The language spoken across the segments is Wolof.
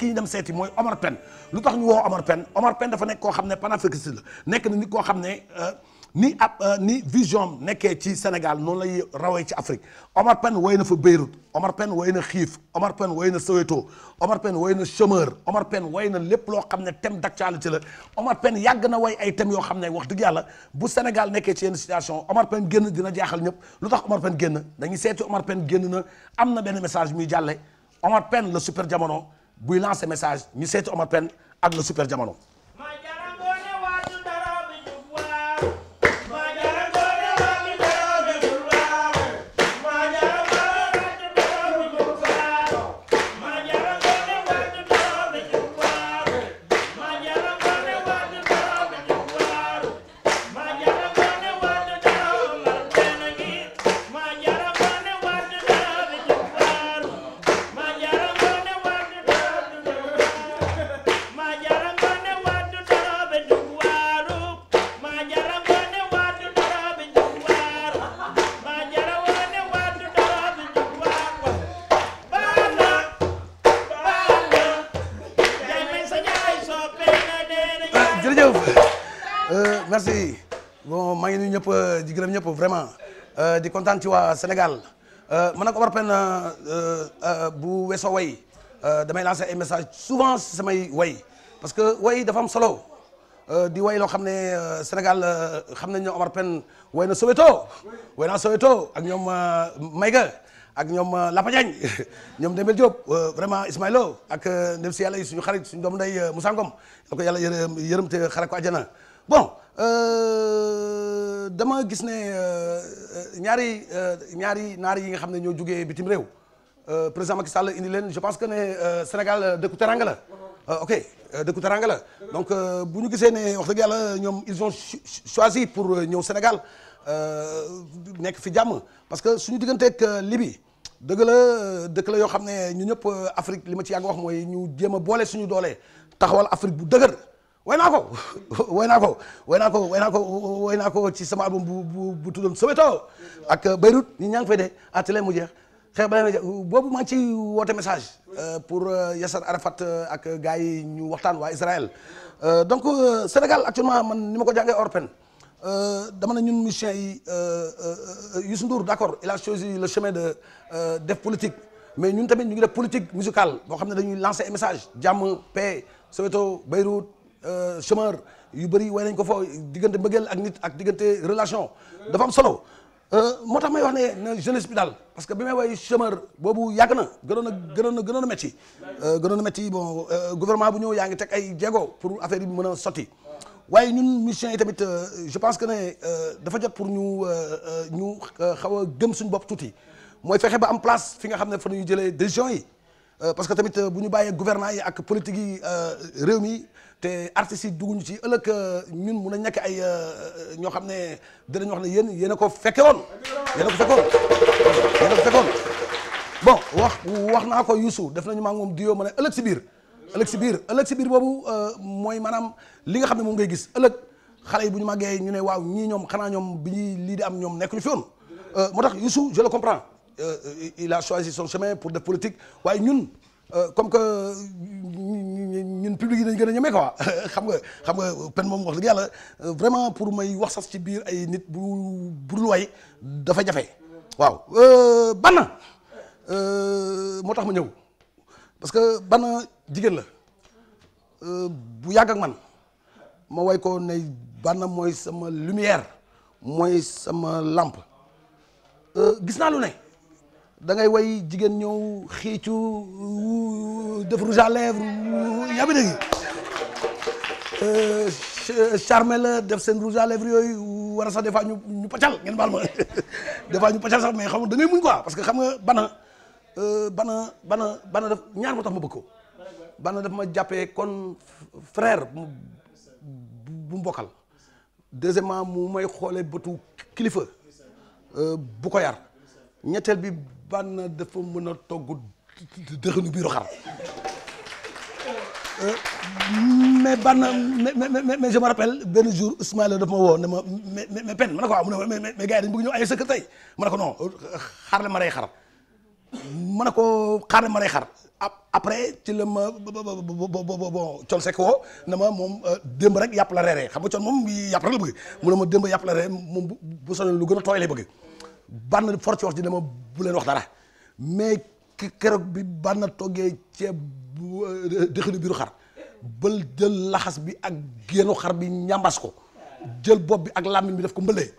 ki ñu dem seeti mooy Omar Pène lu tax ñu woo Omar Pène Omar Pène dafa nekk koo xam ne si la nekk na nit koo xam ne ni ab ni vision nekkee ci Sénégal noonu lay rawee ci Afrique Omar pen woy na fa Beyrouth Omar Pène woy na xiif Omar Pène woy na Soweto Omar Pène woy na chômeur Omar Pène woy na lépp loo xam ne thème d'actualité la Omar Pène yàgg na woy ay thèmes yoo xam ne wax dëgg yàlla bu Sénégal nekkee ci yenn situation Omar Pène génn dina jaaxal ñëpp lu tax Omar pen génn dañu seeti Omar Pène génn na am na benn message muy jàlle Omar Pène la super jamono buy lancer message ñu seeti Omar Pène ak le super jamono. merci bon maa ngi nuyu ñëpp di gërëm vraiment euh, di kontaan ci waa Sénégal euh, man nag Omar Pène euh, bu weeso way damay lancer ay message souvent si samay way parce que way dafa am solo di way loo xam ne Sénégal xam nañ ne Omar Pène way na Soweto way naa Soweto ak ñoom Mayga ak ñoom Lapa Diagne ñoom Dembel Diop vraiment Ismaïlo ak ndem si yàlla yi suñu xarit suñu doomu nday Moussa Ngom yal ko yàlla yërëm te xare ko bon euh, dama gis ne euh, ñaari euh, ñaari naari yi nga xam ne ñoo jugee bitim réew président Macky Sall indi leen je pense que ne Sénégal dëkku teranga la ok dëkku teranga la donc bu ñu gisee ne wax dëgg yàlla ñoom ils ont choisi pour ñëw Sénégal nekk fi jàmm parce que suñu digganteeg Libye dëgg la dëkk la yoo xam ne ñu ñëpp Afrique li ma ci yàgg wax mooy ñu jéem a boole suñu doole taxawal Afrique bu dëgër. way naa ko way naa ko way naa ko way naa ko way naa ko ci sama album bu bu bu tuddam Soweto ak Beyrouth ñi ñaa ngi fay de atelier mu jeex xeex ba boobu maa ci ciy woote message euh, pour euh, Yasser Arafat euh, ak gars yi ñu waxtaan waa Israël donc Sénégal actuellement man ni ma ko jàngee orpen dama na ñun musiciens yi Youssou Ndour d'accord il a choisi le chemin de def politique mais ñun tamit ñu ngi def politique musicale boo xam ne dañuy lancer un message jàmm paix Soweto Beyrouth Euh, chômeur yu bëri way nañ ko foofu diggante mbëggeel ak nit ak diggante relation dafa am solo euh, moo tax may wax ne na jeunesse bi daal parce que bi may way chômeur boobu yàgg na gënoon a gënoon a gënoon a métti euh, gënoon a métti bon gouvernement bu ñëw yaa ngi teg ay jéego pour affaire yi mën a sotti waaye ñun musiciens yi tamit je pense que ne dafa jot pour ñu ñu xaw a gëm suñu bopp tuuti mooy fexe ba am place fi nga xam ne fa ñu jëlee décision yi Euh, parce que tamit euh, bu ñu bàyyee gouvernants yi ak politique yi euh, réew mi te artistes yi dugguñu ci ëllëg ñun mun a ñàkk ay ñoo xam ne dinañ wax ne yéen yéen a ko fekke woon yéen a ko a ko fekkoon bon wax wax naa ko Youssou def nañu maa di duyoo ma ne ëllëg si biir ëllëg si biir ëllëg si biir boobu mooy maanaam li nga xam ne moom ngay gis ëllëg xale yi bu ñu màggee ñu ne waaw ñii ñoom xanaa ñoom bi ñuy lii di am ñoom nekk ñu fi moo tax Youssou je le comprends Euh, il a choisi son chemin pour def politique waaye ñun euh, comme que ñun public yi dañu gën a ñeme quoi xam nga xam nga pen moom wax dëgg yàlla euh, vraiment pour may wax sax ci biir ay nit bu bu dafa jafe waaw banna moo tax ma ñëw parce que banna jigéen la bu yàgg ak man ma way ko ne banna mooy sama lumière mooy sama lampe gis naa lu ne da ngay way jigéen ñëw xiicu def rouge à lèvres yaa ngi dégg euh, charme la def seen rouge à lèvres yooyu war a sax des ñu ñu pàccal ngeen baal ma des ñu pàccal sax mais xam da ngay muñ quoi parce que xam nga bana euh, bana bana bana daf ñaar moo tax ma bëgg ko bana daf ma jàppee kon frère bu mu bokkal deuxièmement mu may xoolee bëtu kilifa euh, bu ko yar. ñetteel bi bànn dafa mën a togg dëxinu biiru xar mais bànn mais mais je me rappelle benn jour Ismaïla daf ma woo ne ma mais mais pen ma ne ko waaw mu ne ma mais gars dañu bëgg ñëw ay sëkk tey ma ne ko non xaar la ma xar ma ne ko la ma rey xar après ci la ma bon woo na ma moom euh, démb rek yàpp la reeree xam nga con moom yàpp rek la bëgg mu ne ma démb yàpp la reeree moom bu bu sonal lu gën a tooy lay bëgg bànn force wax ci dama bu leen wax dara mais keroog bi bànn toggee ceeb euh, dëxinu biiru xar bël jël laxas bi ak génnu xar bi ñambas ko jël bopp bi ak làmmin bi def ko mbëlee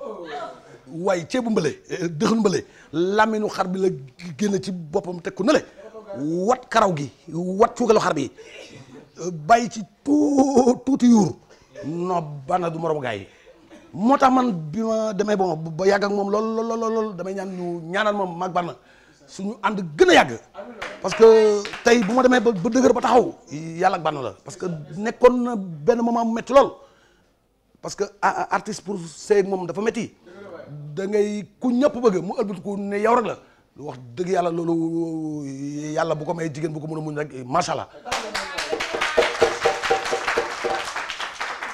waaye ceebu mbëlee euh, dëxinu mbëlee làmmiñu xar bi la génn ci boppam teg ko nële wat karaw gi wat cuugalu xar bi euh, bàyyi ci tuuti yuur non bànn du moromu gaa yi moo tax man bi ma demee bon ba yàgg ak moom lool lool lool damay ñaan ñu ñaanal moom mag barna suñu ànd gën a yàgg parce que tey bu ma demee ba dëgër ba taxaw yàlla ak la parce que nekkoon na benn moment mu métti lool parce que artiste pour sëy moom dafa metti dangay ku ñëpp bëgg mu ëlbatu ku ne yow rek la wax dëgg yàlla loolu yàlla bu ko may jigéen bu ko mën a muñ rek macha allah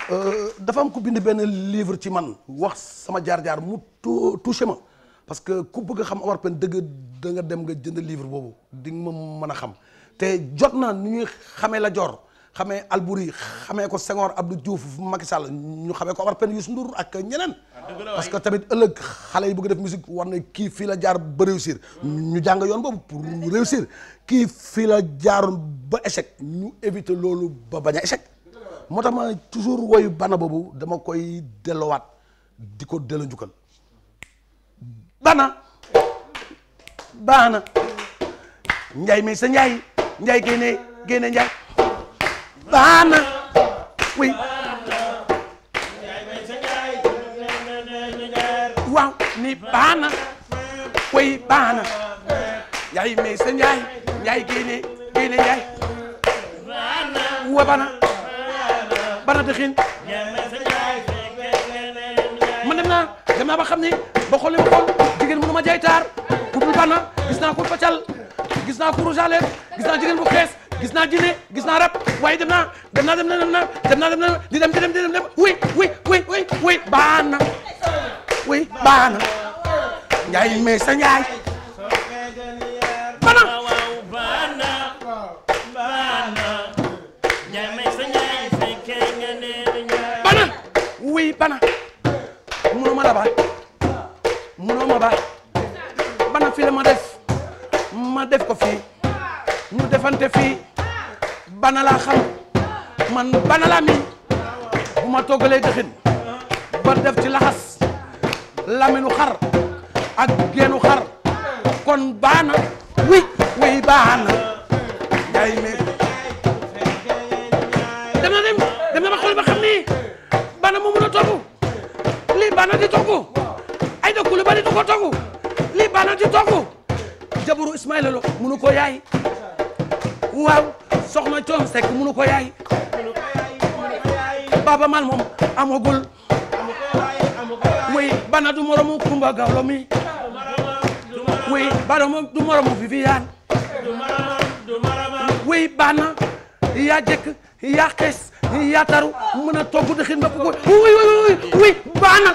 Euh, dafa am ko bind benn livre ci man wax sama jaar-jaar mu touché ma parce que ku bëgg a xam Omar Pène dëgg da dem nga jënd livre boobu di nga ma mën a xam te jot na nu ñuy xamee la Dior xamee Albouri xamee ko Senghor Abdou Diouf Macky Sall ñu xamee ko Omar Pène Youssou Ndour ak ñeneen. Ah, parce que tamit ëllëg xale yi bëgg def musique war na kii fii la jaar ba réussir. ñu jàng yoon boobu pour réussir kii fii la jaaroon ba écheck ñu éviter loolu ba bañ a échec. moo tax ma woyu bana boobu dama koy dellowaat di ko delloo njukkal bana baana njaay mi sa njaay njaay génne génne njaay baana oui ni baana oui baana njaay mi sa njaay njaay génne génne njaay bana barata xiin man dem na dem naa ba xam ni ba xool li ma xool jigéen mënu ma jaay taar ku dul bànna naa ko facal gis naa ko rouge gis naa jigéen bu xees gis naa jinne gis naa rab waaye dem naa dem naa dem na dem na dem naa dem na di dem di dem di dem oui oui oui oui oui baana oui bana ma def ma def ko fii ñu defante fii bana laa xam man bana laa miin bu ma toggalee dëxin ba def ci laxas laminu xar ak xar kon baana wi wi baana yaay mi dem na dem dem na ba xam ni bana mu mun a togg bana di togg ay dëkk lu bari du ko togg bana di togg jabaru Ismaïla Lo munu ko yaay waaw soxna Thione Seck munu ko yaay Baba Maal moom amagul oui bana du moromu Kumba Gawlo mi oui bana du moromu Viviane oui bana yaa jëkk yaa xees yaa taru mën a togg dëxin ba bëgg oui oui oui oui bana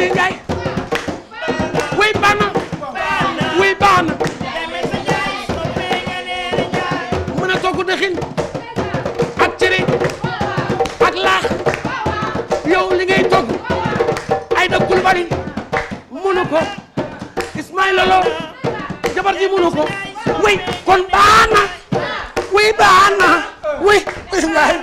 ni njaay wuy baax na wuy baax na mën a togg dëxin ak cere ak laax yow li ngay togg ay dëkkul bari mënu ko Ismaïla Lo jabar ji mënu ko wuy kon baax na wuy baax na wuy